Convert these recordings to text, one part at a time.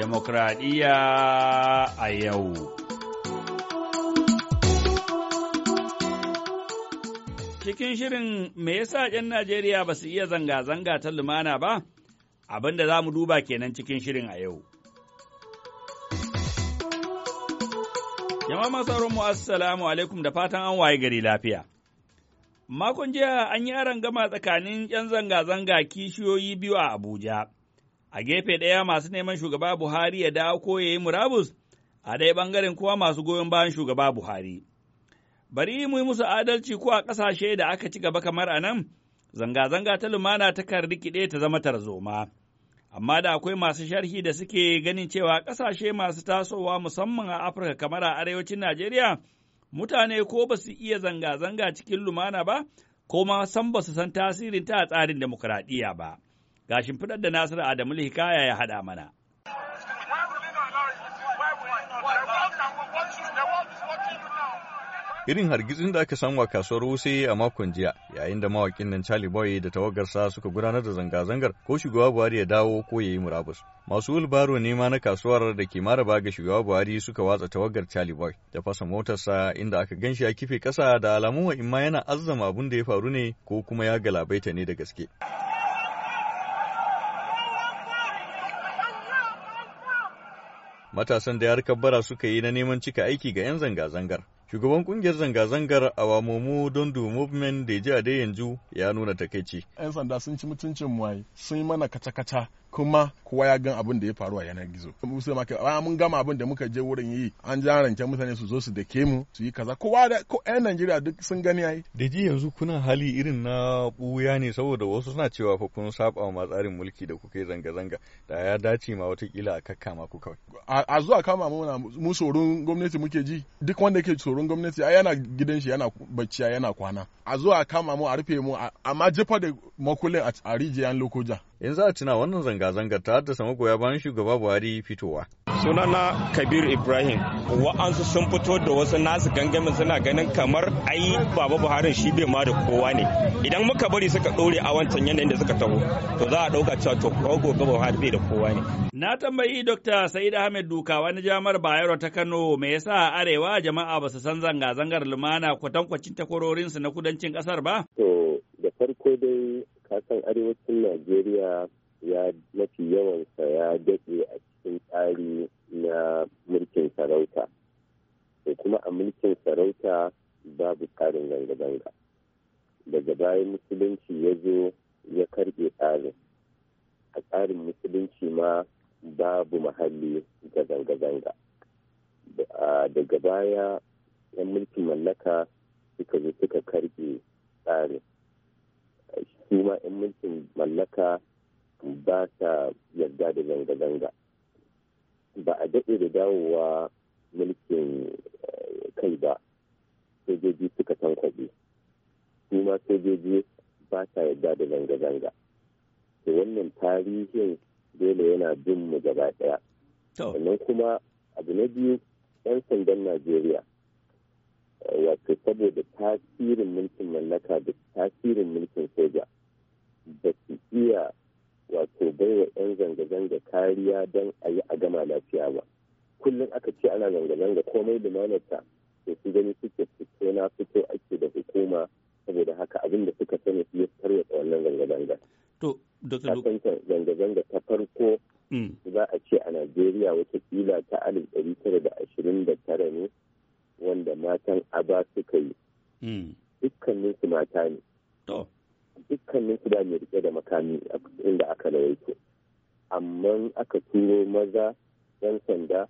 demokradiyya a yau. Cikin shirin me yasa 'yan Najeriya ba su iya zanga-zanga ta lumana ba? Abin da za mu duba kenan cikin shirin a yau. Jama'a sauran mu assalamu alaikum da fatan an waye gari lafiya. Makon jiya an yi aron gama tsakanin 'yan zanga-zanga kishiyoyi biyu a Abuja. a gefe ɗaya masu neman shugaba Buhari ya dawo ko ya yi murabus, a ɗaya ɓangaren kuwa masu goyon bayan shugaba Buhari. Bari mu yi musu adalci ko a ƙasashe da aka ci gaba kamar a nan, zanga-zanga ta lumana ta kan rikide ta zama tarzoma. Amma da akwai masu sharhi da suke ganin cewa ƙasashe masu tasowa musamman a Afirka kamar a arewacin Najeriya, mutane ko ba su iya zanga-zanga cikin lumana ba, ko ma san ba su san tasirin ta a tsarin demokuraɗiyya ba. ga shimfiɗar da Nasiru Adamu Hikaya ya haɗa mana. irin hargitsin da aka samu a kasuwar wuse a makon jiya yayin da mawakin nan Charlie Boy da tawagarsa suka gudanar da zanga-zangar ko shugaba Buhari ya dawo ko ya yi murabus. Masu wulbaro nema na kasuwar da ke maraba ga shugaba Buhari suka watsa tawagar Charlie Boy da fasa motarsa inda aka ganshi ya kife kasa da alamun wa imma yana azzama abin da ya faru ne ko kuma ya galabaita ne da gaske. matasan da 'yar kabbara suka yi na neman cika aiki ga 'yan zanga-zangar. Shugaban kungiyar zanga-zangar a Awamomu Dondo Movement da ya ji yanzu ya nuna takaici. 'Yan sanda sun ci mutuncin mu sun yi mana kaca-kaca kuma kowa ya gan abin da ya faru a yanar gizo musu ma bayan ah, mun gama abin da muka je wurin yi an rance mutane su zo su dake mu su yi kaza kowa da ko yan Najeriya duk sun gani yayi da ji yanzu kuna hali irin na buya ne saboda wasu suna cewa fa kun saba ma tsarin mulki da kuka yi zanga zanga da ya dace ma wata kila a kakkama ku kawai a zuwa kama mu na mu tsoron gwamnati muke ji duk wanda ke tsoron gwamnati ai yana gidan shi yana bacciya yana kwana a zuwa kama mu a rufe mu amma jefa da makulin a rijiyan lokoja in za a tuna wannan zanga-zangar ta haddasa magoya bayan shugaba buhari fitowa sunana kabir ibrahim wa'ansu sun fito da wasu nasu gangamin suna ganin kamar ai baba Buhari shi bai ma da kowa ne idan muka bari suka ɗore a wancan yanayin da suka taho to za a ɗauka cewa to ko gobe buhari bai da kowa ne na tambayi dr sa'id ahmed dukawa wani jami'ar bayero ta kano me yasa arewa jama'a ba su san zanga-zangar lumana kwatankwacin takwarorinsu na kudancin kasar ba to da farko dai kasan arewacin najeriya ya mafi yawansa ya daɗe a cikin tsari na mulkin sarauta da kuma a mulkin sarauta babu tsarin zanga-zanga daga bayan musulunci ya zo ya karɓe tsarin a tsarin musulunci ma babu mahalli ga zanga-zanga daga baya 'yan mulkin mallaka suka zo suka karɓe tsarin su ma 'yan mulkin mallaka ba ta yarda da zanga-zanga ba a daɗe da dawowa mulkin eh, kai ba sojoji suka tankwaɓe su ma sojoji ba ta yarda da zanga-zanga to wannan tarihin dole yana bin mu gaba ɗaya sannan kuma abu na biyu 'yan sandan najeriya eh, wato saboda tasirin mulkin mallaka da tasirin mulkin soja da su iya wato baiwa 'yan zanga-zanga kariya don a yi a gama lafiya ba kullum aka ce ana zanga-zanga komai limanarta da su gani suke fito na fito ake da hukuma saboda haka abin da suka sani su yi tarwata wannan zanga-zanga. To, zanga-zanga ta farko mm. za a ce a Najeriya watakila ta alif ɗari tara da ashirin da tara ne wanda matan aba suka yi. Mm. Dukkaninsu mata ne. dukkan ne da mai rike da makami inda aka yake amma aka turo maza yan sanda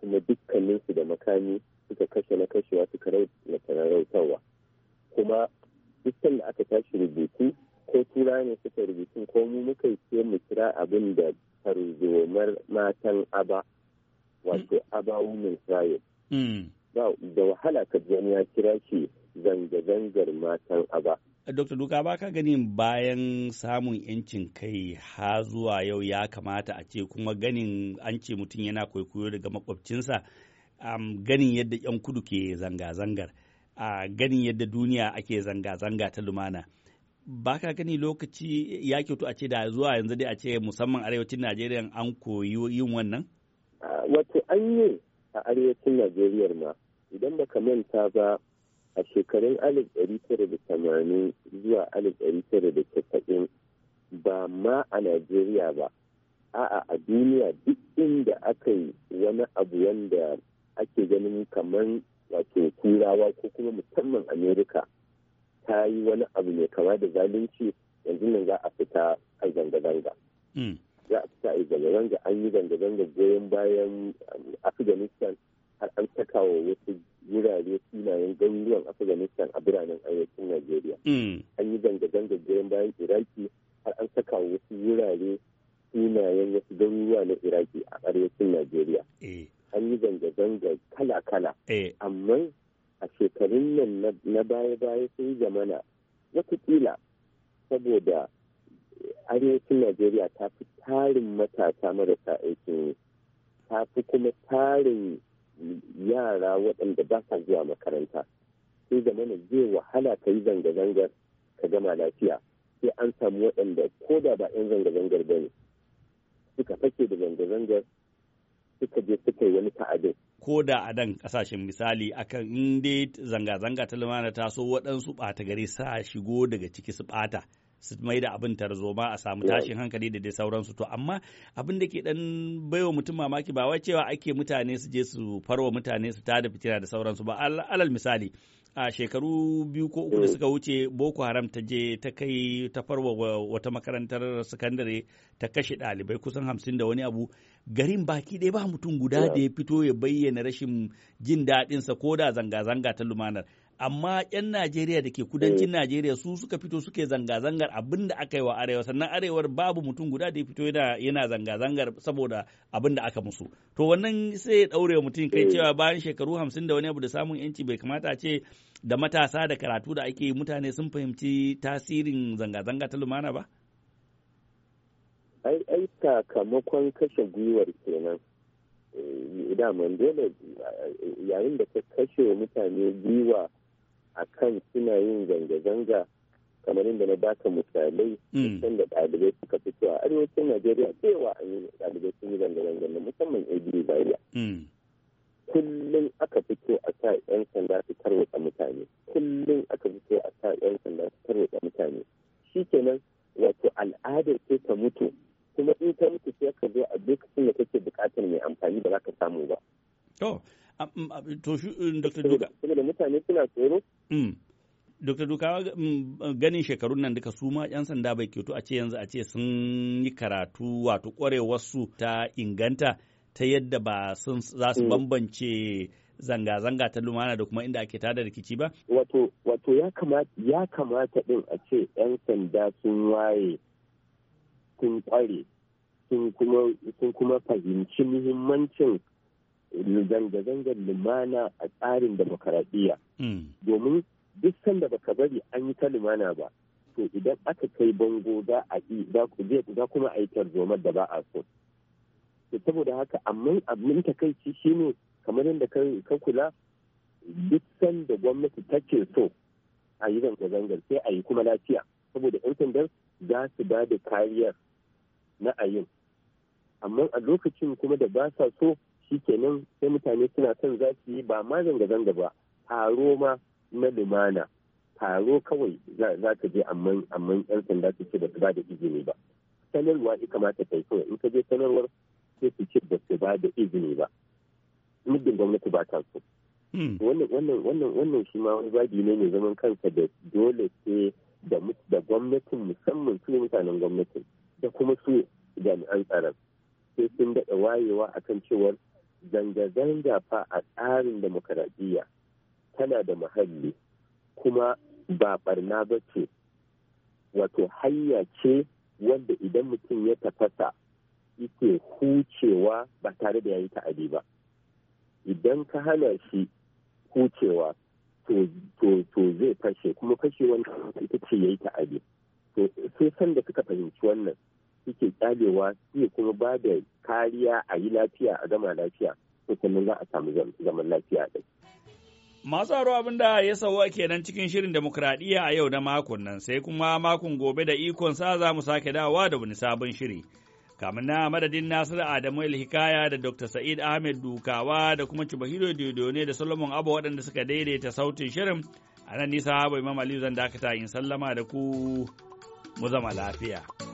kuma dukkanin su da makami suka kashe na kashewa suka rautarwa kuma dukkan da aka tashi rubutu ko tura ne suka rubutu ko mu muka ce mu kira abin da tarzomar matan aba wato aba women's hmm. da wahala ka ya kira shi zanga-zangar matan aba. Eh, Dr. Duka ba ka ganin bayan samun yancin kai ha zuwa yau ya kamata a ce kuma ganin an ce mutum yana kwaikwayo daga makwabcinsa ganin yadda 'yan kudu ke zanga-zangar a ganin yadda duniya ake zanga-zanga ta lumana. ba ka gani lokaci ya kyautu a ce da zuwa yanzu dai a ce musamman arewacin najeriya an koyi yin wannan wato an yi a arewacin najeriya ma idan baka manta ba a shekarun 1980 zuwa 1990 ba ma a najeriya ba a'a a duniya duk inda aka yi wani abu wanda ake ganin kamar wato turawa ko kuma musamman amerika ta yi wani abu mai kama da zalunci yanzu nan za a fita a zanga-zanga hmm. za a fita a zanga-zanga an yi zanga-zanga goyon bayan um, afghanistan a an wa wasu wurare sunayen garuruwan afghanistan a biranen arewacin najeriya mm. an yi zanga-zangar goyon bayan iraki har an saka wasu wurare sunayen wasu garuruwa na iraki a arewacin najeriya eh. an yi zanga-zangar kala-kala eh. amma a shekarun nan na baya-baya sun zamana watakila saboda arewacin najeriya ta fi tarin matasa marasa aikin ta fi kuma tarin yara waɗanda ba sa zuwa makaranta sai da mana zai wahala ka yi zanga-zangar ka gama lafiya sai an samu waɗanda ko da ba 'yan zanga-zangar ba ne suka fake da zanga-zangar suka je suka yi wani ta'adin. Ko da a dan kasashen misali akan in dai zanga-zanga ta lumana ta so waɗansu ɓata gari sa shigo daga ciki su ɓata su mai da abin tarzoma a samu tashin hankali da dai sauransu to amma abin da ke dan baiwa mutum mamaki ba wai cewa ake mutane su je su farwa mutane su tada fitina da sauransu ba alal misali a shekaru biyu ko uku da mm. suka wuce boko haram ta je ta kai ta farwa wata makarantar sakandare ta kashe ɗalibai kusan hamsin da wani abu garin baki ɗaya ba mutum guda da ya fito ya bayyana rashin jin daɗinsa ko da zanga-zanga ta lumanar amma 'yan Najeriya da ke kudancin eh. Najeriya su suka fito suke zanga-zangar abin da aka yi wa arewa sannan arewar babu mutum guda da ya fito yana zanga-zangar saboda abin da aka musu to wannan sai ya daure mutum kai eh. cewa bayan shekaru hamsin da wani abu da samun yanci bai kamata ce da matasa da karatu da ake mutane sun fahimci tasirin zanga-zanga ta lumana ba ai ai sakamakon kashe gwiwar kenan eh, mandela yayin da ka kashe mutane gwiwa a kan suna yin zanga-zanga kamar inda na baka misalai mm. san da ɗalibai suka fito a arewacin najeriya cewa an yi ɗalibai sun yi zanga-zanga na musamman abu zariya mm. kullum aka fito a sa 'yan sanda su tarwatsa mutane kullum aka fito a sa 'yan sanda su mutane shi kenan wato al'adar ce ka mutu kuma in ta mutu sai ka zo a duk da kake bukatar mai amfani ba za ka samu ba. to shi eh, Dr. Duka. Saboda mutane suna tsoro. Mm. Dr. Duka mm, ganin shekarun nan duka su ma 'yan sanda bai kyautu a ce yanzu a ce sun yi karatu wato ƙwarewarsu ta inganta ta yadda ba sun za su mm. bambance zanga-zanga ta lumana da kuma inda ake tada rikici ba? Wato, ya kamata ya kamata din a ce 'yan sanda sun waye sun kware sun kuma fahimci muhimmancin zanga-zangar lumana a tsarin demokaradiyya. Hmm. Domin duk sanda baka bari an yi ta lumana ba, to idan aka kai bango za a yi za kuma a yi da ba a so. saboda haka amma abin takaici shine kamar yadda ka kula duk sanda gwamnati ta take so a yi zanga-zangar sai a yi kuma lafiya saboda 'yan sandan za su ba da kariyar na ayin amma a lokacin kuma da ba sa so shikenan sai mutane suna son za yi ba ma zanga-zanga ba taro ma na lumana taro kawai za ka je amman yan sanda su ce ba su ba da izini ba sanarwa ya kamata ta yi kawai in ka je sanarwar sai su ce ba su ba da izini ba muddin gwamnati ba ta so hmm. wannan shi ma wani babi ne mai zaman kansa da dole sai da gwamnatin musamman su mutanen gwamnatin da kuma su jami'an tsaron sai sun daɗa wayewa akan cewar zanga-zanga fa a tsarin demokaradiyya tana da muhalli kuma ba barna ba ce wato hanya ce wanda idan mutum ya tafasa yake hucewa ba tare da yayi ta'adi ba idan ka hana shi hucewa to zai fashe kuma fashe wani ita ce yayi ta'adi to sai sanda suka fahimci wannan suke kyalewa suke kuma ba da kariya a yi lafiya a zama lafiya to kuma za a samu zaman lafiya su. Masu haro abin da ya sauwa kenan cikin shirin demokradiyya a yau na makon nan sai kuma makon gobe da ikon sa za mu sake dawowa da wani sabon shiri. Kamun na madadin Nasiru Adamu Hikaya da Dr. Sa'id Ahmed Dukawa da kuma Cibahiro ne da Solomon Abba waɗanda suka daidaita sautin shirin a nan nisa Habu Imam Aliyu zan dakata in sallama da ku mu zama lafiya.